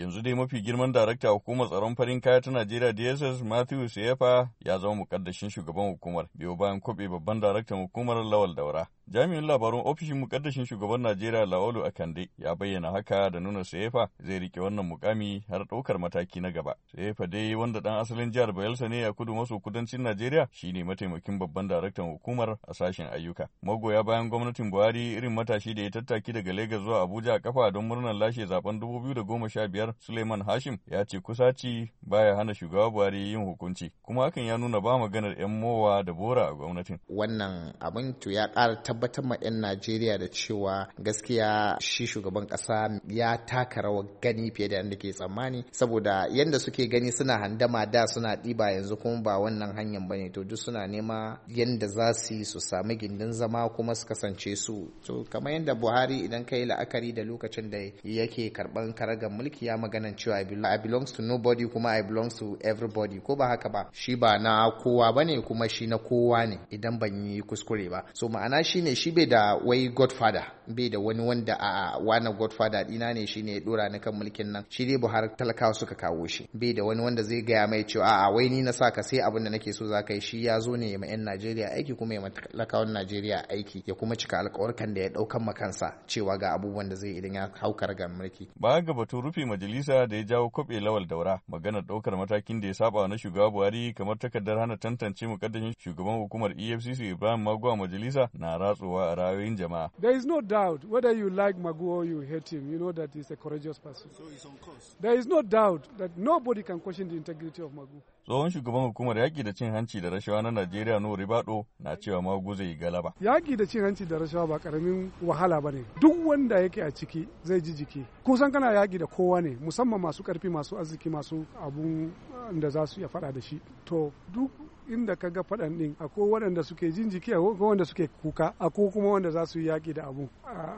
yanzu dai mafi girman darakta hukumar tsaron farin kaya ta Najeriya DSS Matthew Sefa ya zama mukaddashin shugaban hukumar biyo bayan kwabe babban daraktan hukumar Lawal Daura. Jami'in labarun ofishin mukaddashin shugaban Najeriya Lawalu Akande ya bayyana haka da nuna Sayefa zai rike wannan mukami har ɗaukar mataki na gaba. Sayefa dai wanda ɗan asalin jihar Bayelsa ne a kudu maso kudancin Najeriya shine mataimakin babban daraktan hukumar a sashen ayyuka. Magoya bayan gwamnatin Buhari irin matashi da ya tattaki daga Lagos zuwa Abuja a kafa don murnar lashe zaben biyar, Suleiman Hashim ya ce kusa kusaci baya hana shugaba Buhari yin hukunci kuma hakan ya nuna ba maganar 'yan mowa da bora a gwamnatin. Wannan abin to ya ƙara tabbatar ma 'yan Najeriya da cewa gaskiya shi shugaban ƙasa ya taka rawar gani fiye da yadda ke tsammani saboda yadda suke gani suna handama da suna ɗiba yanzu kuma ba wannan hanyar bane to duk suna nema yadda za su yi su sami gindin zama kuma su kasance su to kamar yadda Buhari idan ka yi la'akari da lokacin da yake karɓar karagar mulki ya maganan cewa I belong to nobody kuma I belong to everybody ko ba haka ba shi ba na kowa bane kuma shi na kowa ne idan ban yi kuskure ba so ma'ana shine shine shi bai da wai godfather bai da wani wanda a wani godfather dina ne shine ya dora ni kan mulkin nan shi dai buhari talakawa suka kawo shi bai da wani wanda zai gaya mai cewa a wai ni na sa ka sai abin da nake so za ka shi ya zo ne ma yan najeriya aiki kuma ya talakawan najeriya aiki ya kuma cika alkawarkan da ya daukan makansa cewa ga abubuwan da zai idan ya hau ga mulki ba ga batun rufe majalisa da ya jawo kwabe lawal daura maganar daukar matakin da ya saba na shugaba buhari kamar takardar hana tantance kaddashin shugaban hukumar efcc ibrahim magwa majalisa na ratsa tatsuwa a rayoyin jama'a. There is no doubt whether you like Magu or you hate him, you know that he's a courageous person. So he's on course. There is no doubt that nobody can question the integrity of Magu. tsohon shugaban hukumar yaƙi da cin hanci da rashawa na Najeriya Nuhu Ribaɗo na cewa magu zai galaba. Yaƙi da cin hanci da rashawa ba karamin wahala ba ne. Duk wanda yake a ciki zai ji jiki. Kusan kana yaƙi da kowa ne musamman masu ƙarfi masu arziki masu abun eh, da za su iya faɗa da shi. To duk inda ka ga faɗan ɗin akwai waɗanda suke jin jiki akwai wanda suke kuka akwai kuma wanda za su yi yaƙi da abu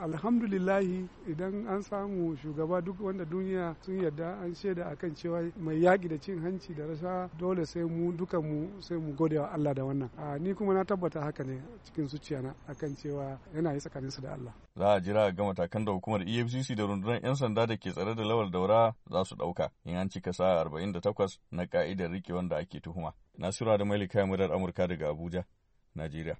alhamdulillahi idan an samu shugaba duk wanda duniya sun yarda an shaida akan cewa mai yaƙi da cin hanci da rasa dole sai mu duka mu sai mu gode wa Allah da wannan ni kuma na tabbata haka ne cikin zuciyana akan cewa yana yi tsakaninsu da Allah za a jira ga matakan da hukumar EFCC da rundunar 'yan sanda da ke tsare da lawal daura za su ɗauka in an cika sa'a 48 na ka'idar rike wanda ake tuhuma Nasiru da Malika murar Amurka daga Abuja, Najeriya.